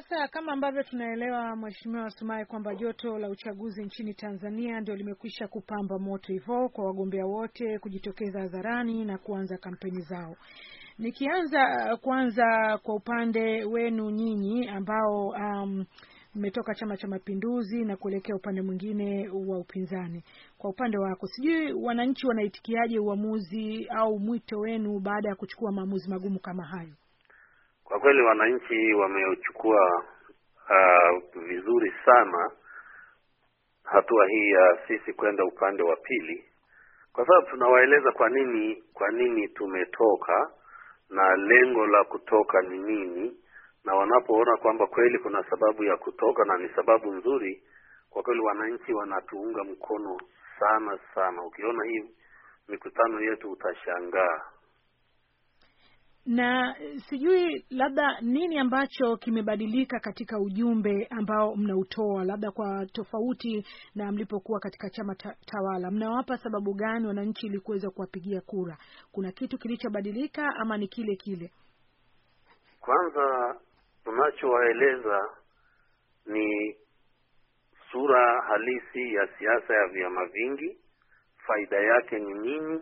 Sasa kama ambavyo tunaelewa Mheshimiwa Sumai kwamba joto la uchaguzi nchini Tanzania ndio limekwisha kupamba moto hivyo kwa wagombea wote kujitokeza hadharani na kuanza kampeni zao. Nikianza uh, kwanza kwa upande wenu nyinyi ambao um, mmetoka um, Chama cha Mapinduzi na kuelekea upande mwingine wa upinzani, kwa upande wako, sijui wananchi wanaitikiaje uamuzi au mwito wenu baada ya kuchukua maamuzi magumu kama hayo? Kwa kweli wananchi wameuchukua uh, vizuri sana hatua hii ya uh, sisi kwenda upande wa pili, kwa sababu tunawaeleza kwa nini kwa nini tumetoka na lengo la kutoka ni nini, na wanapoona kwamba kweli kuna sababu ya kutoka na ni sababu nzuri, kwa kweli wananchi wanatuunga mkono sana sana. Ukiona hii mikutano yetu utashangaa na sijui labda nini ambacho kimebadilika katika ujumbe ambao mnautoa, labda kwa tofauti na mlipokuwa katika chama ta tawala. Mnawapa sababu gani wananchi ili kuweza kuwapigia kura? Kuna kitu kilichobadilika ama ni kile kile? Kwanza tunachowaeleza ni sura halisi ya siasa ya vyama vingi, faida yake ni nini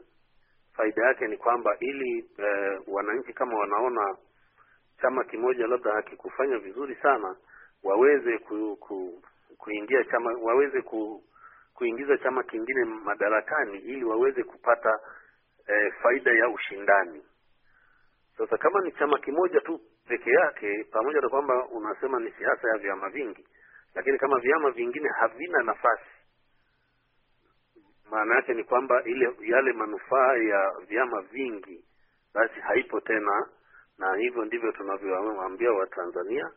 faida yake ni kwamba ili e, wananchi kama wanaona chama kimoja labda hakikufanya vizuri sana waweze ku, ku, kuingia chama waweze ku, kuingiza chama kingine madarakani ili waweze kupata e, faida ya ushindani. Sasa kama ni chama kimoja tu peke yake, pamoja na kwamba unasema ni siasa ya vyama vingi, lakini kama vyama vingine havina nafasi maana yake ni kwamba ile yale manufaa ya vyama vingi basi haipo tena, na hivyo ndivyo tunavyowaambia Watanzania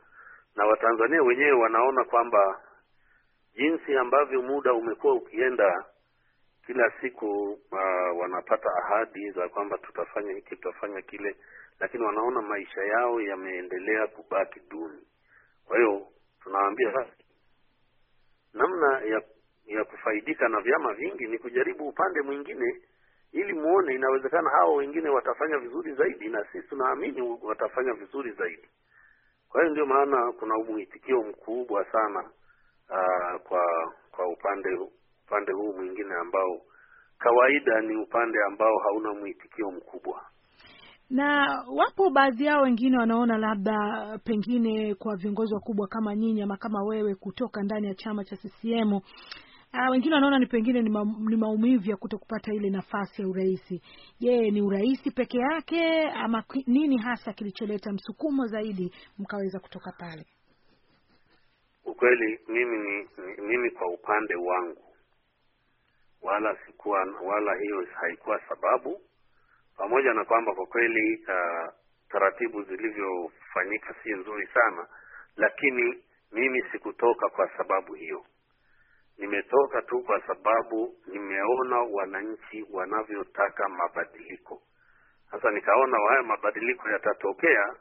na Watanzania wenyewe wanaona kwamba jinsi ambavyo muda umekuwa ukienda kila siku, uh, wanapata ahadi za kwamba tutafanya hiki tutafanya kile, lakini wanaona maisha yao yameendelea kubaki duni. Kwa hiyo tunawaambia namna ya ya kufaidika na vyama vingi ni kujaribu upande mwingine, ili muone inawezekana hao wengine watafanya vizuri zaidi, na sisi tunaamini watafanya vizuri zaidi. Kwa hiyo ndio maana kuna mwitikio mkubwa sana aa, ah, kwa kwa upande upande huu mwingine ambao kawaida ni upande ambao hauna mwitikio mkubwa na wapo baadhi yao wengine wanaona labda pengine kwa viongozi wakubwa kama nyinyi ama kama wewe kutoka ndani ya chama cha CCM Uh, wengine wanaona ni pengine ni, ma, ni maumivu ya kuto kupata ile nafasi ya urais. Je, ni urais peke yake ama nini hasa kilicholeta msukumo zaidi mkaweza kutoka pale? Ukweli mimi ni mimi, kwa upande wangu wala sikuwa wala hiyo haikuwa sababu, pamoja na kwamba kwa kweli uh, taratibu zilivyofanyika si nzuri sana, lakini mimi sikutoka kwa sababu hiyo. Nimetoka tu kwa sababu nimeona wananchi wanavyotaka mabadiliko. Sasa nikaona haya mabadiliko yatatokea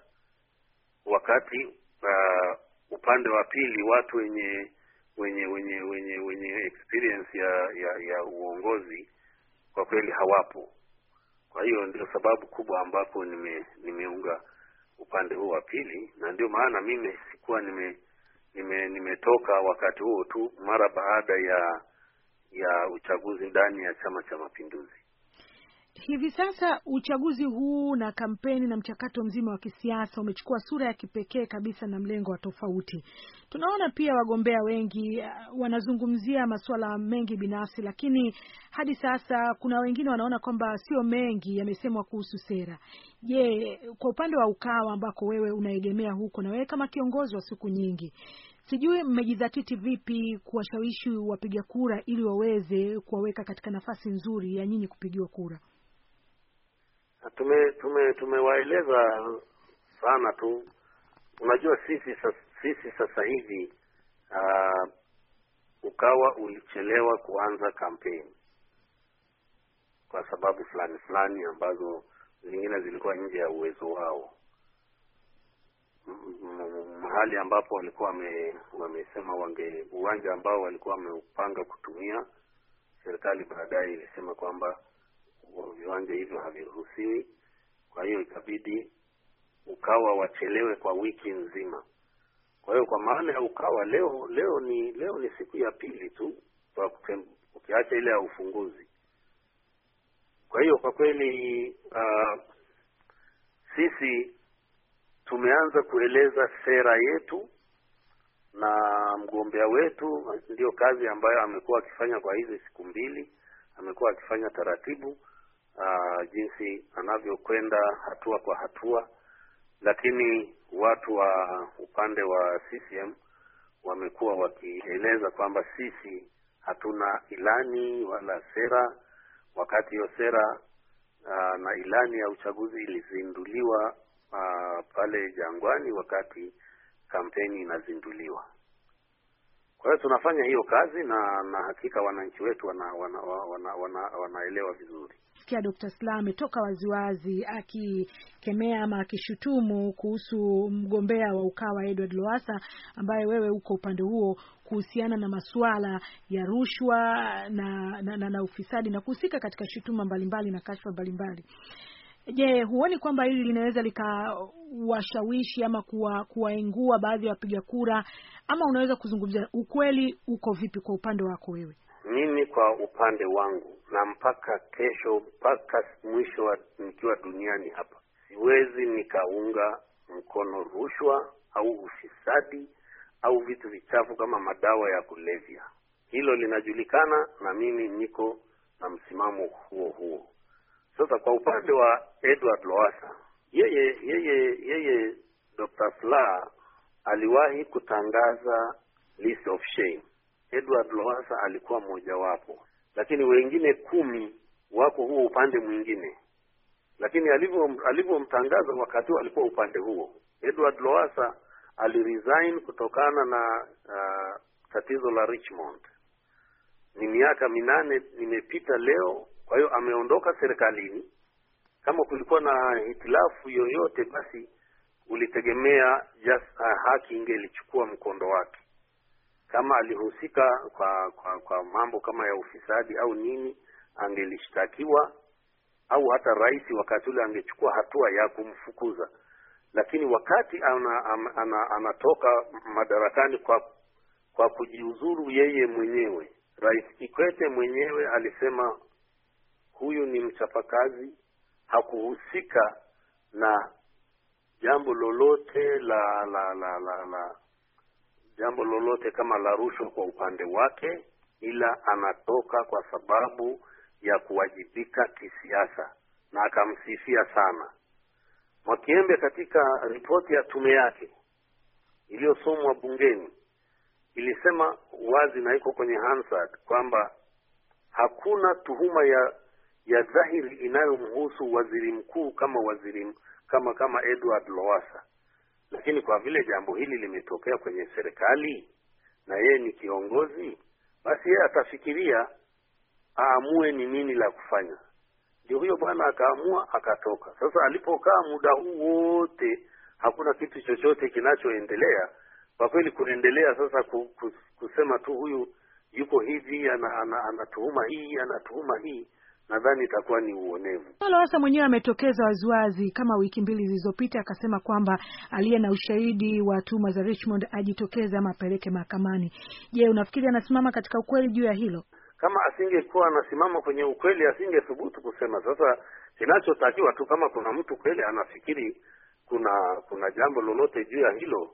wakati uh, upande wa pili watu wenye wenye wenye wenye wenye experience ya ya, ya uongozi kwa kweli hawapo. Kwa hiyo ndio sababu kubwa ambapo nime, nimeunga upande huu wa pili, na ndio maana mimi sikuwa nime nime, nimetoka wakati huo tu mara baada ya ya uchaguzi ndani ya Chama cha Mapinduzi. Hivi sasa uchaguzi huu na kampeni na mchakato mzima wa kisiasa umechukua sura ya kipekee kabisa na mlengo wa tofauti. Tunaona pia wagombea wengi uh, wanazungumzia masuala mengi binafsi, lakini hadi sasa kuna wengine wanaona kwamba sio mengi yamesemwa kuhusu sera. Je, kwa upande wa Ukawa ambako wewe unaegemea huko na wewe kama kiongozi wa siku nyingi sijui mmejizatiti vipi kuwashawishi wapiga kura ili waweze kuwaweka katika nafasi nzuri ya nyinyi kupigiwa kura? tume- tume- tumewaeleza sana tu. Unajua sisi sasa, sisi sasa hivi uh, ukawa ulichelewa kuanza kampeni kwa sababu fulani fulani ambazo zingine zilikuwa nje ya uwezo wao, mahali ambapo walikuwa wamesema wange uwanja ambao walikuwa wameupanga kutumia serikali, baadaye ilisema kwamba viwanja hivyo haviruhusiwi. Kwa hiyo ikabidi UKAWA wachelewe kwa wiki nzima. Kwa hiyo kwa maana ya UKAWA leo leo ni leo ni siku ya pili tu kwa ukiacha ile ya ufunguzi. Kwa hiyo kwa kweli uh, sisi tumeanza kueleza sera yetu na mgombea wetu, ndiyo kazi ambayo amekuwa akifanya kwa hizi siku mbili, amekuwa akifanya taratibu uh, jinsi anavyokwenda hatua kwa hatua, lakini watu wa upande wa CCM wamekuwa wakieleza kwamba sisi hatuna ilani wala sera, wakati hiyo sera uh, na ilani ya uchaguzi ilizinduliwa uh, pale Jangwani wakati kampeni inazinduliwa. Kwa hiyo tunafanya hiyo kazi na na hakika wananchi wetu wanaelewa wana, wana, wana, wana vizuri. Sikia Dr. Slaa ametoka waziwazi akikemea ama akishutumu kuhusu mgombea wa Ukawa Edward Lowassa ambaye wewe uko upande huo kuhusiana na masuala ya rushwa na, na, na, na ufisadi na kuhusika katika shutuma mbalimbali na kashfa mbalimbali. Je, huoni kwamba hili linaweza likawashawishi ama kuwa, kuwaingua baadhi ya wapiga kura ama unaweza kuzungumzia ukweli uko vipi kwa upande wako wewe? Mimi kwa upande wangu, na mpaka kesho, mpaka mwisho wa nikiwa duniani hapa, siwezi nikaunga mkono rushwa au ufisadi au vitu vichafu kama madawa ya kulevya. Hilo linajulikana, na mimi niko na msimamo huo huo. Sasa kwa upande wa Edward Lowassa, yeye yeye yeye Dr. Fla aliwahi kutangaza list of shame. Edward Lowassa alikuwa mmojawapo, lakini wengine kumi wako huo upande mwingine, lakini alivyomtangaza wakati huo alikuwa upande huo. Edward Lowassa aliresign kutokana na uh, tatizo la Richmond. Ni miaka minane nimepita leo kwa hiyo ameondoka serikalini. Kama kulikuwa na hitilafu yoyote, basi ulitegemea just, uh, haki ingelichukua mkondo wake. Kama alihusika kwa, kwa kwa mambo kama ya ufisadi au nini, angelishtakiwa au hata rais wakati ule angechukua hatua ya kumfukuza. Lakini wakati ana, ana, ana, anatoka madarakani kwa kwa kujiuzuru yeye mwenyewe, Rais Kikwete mwenyewe alisema huyu ni mchapakazi, hakuhusika na jambo lolote la la la la, la jambo lolote kama la rushwa kwa upande wake, ila anatoka kwa sababu ya kuwajibika kisiasa, na akamsifia sana Mwakiembe katika ripoti ya tume yake iliyosomwa bungeni ilisema wazi na iko kwenye Hansard kwamba hakuna tuhuma ya ya dhahiri inayomhusu waziri mkuu kama waziri kama kama Edward Lowassa, lakini kwa vile jambo hili limetokea kwenye serikali na yeye ni kiongozi, basi yeye atafikiria aamue ni nini la kufanya. Ndio huyo bwana akaamua akatoka. Sasa alipokaa muda huu wote hakuna kitu chochote kinachoendelea kwa kweli. Kuendelea sasa kusema tu huyu yuko hivi, anatuhuma ana, ana, ana hii anatuhuma hii nadhani itakuwa ni uonevu. Hilo hasa mwenyewe ametokeza waziwazi kama wiki mbili zilizopita, akasema kwamba aliye na ushahidi wa tuma za Richmond ajitokeze ama apeleke mahakamani. Je, unafikiri anasimama katika ukweli juu ya hilo? Kama asingekuwa anasimama kwenye ukweli, asingethubutu kusema. Sasa kinachotakiwa tu, kama kuna mtu kweli anafikiri kuna kuna jambo lolote juu ya hilo,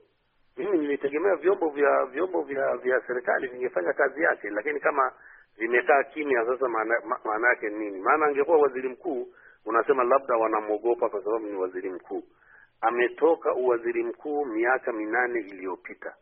mimi nilitegemea vyombo vya vyombo vya vya serikali vingefanya kazi yake, lakini kama vimekaa kimya sasa, maana yake nini? Maana angekuwa waziri mkuu, unasema labda wanamwogopa kwa sababu ni waziri mkuu. Ametoka uwaziri mkuu miaka minane iliyopita,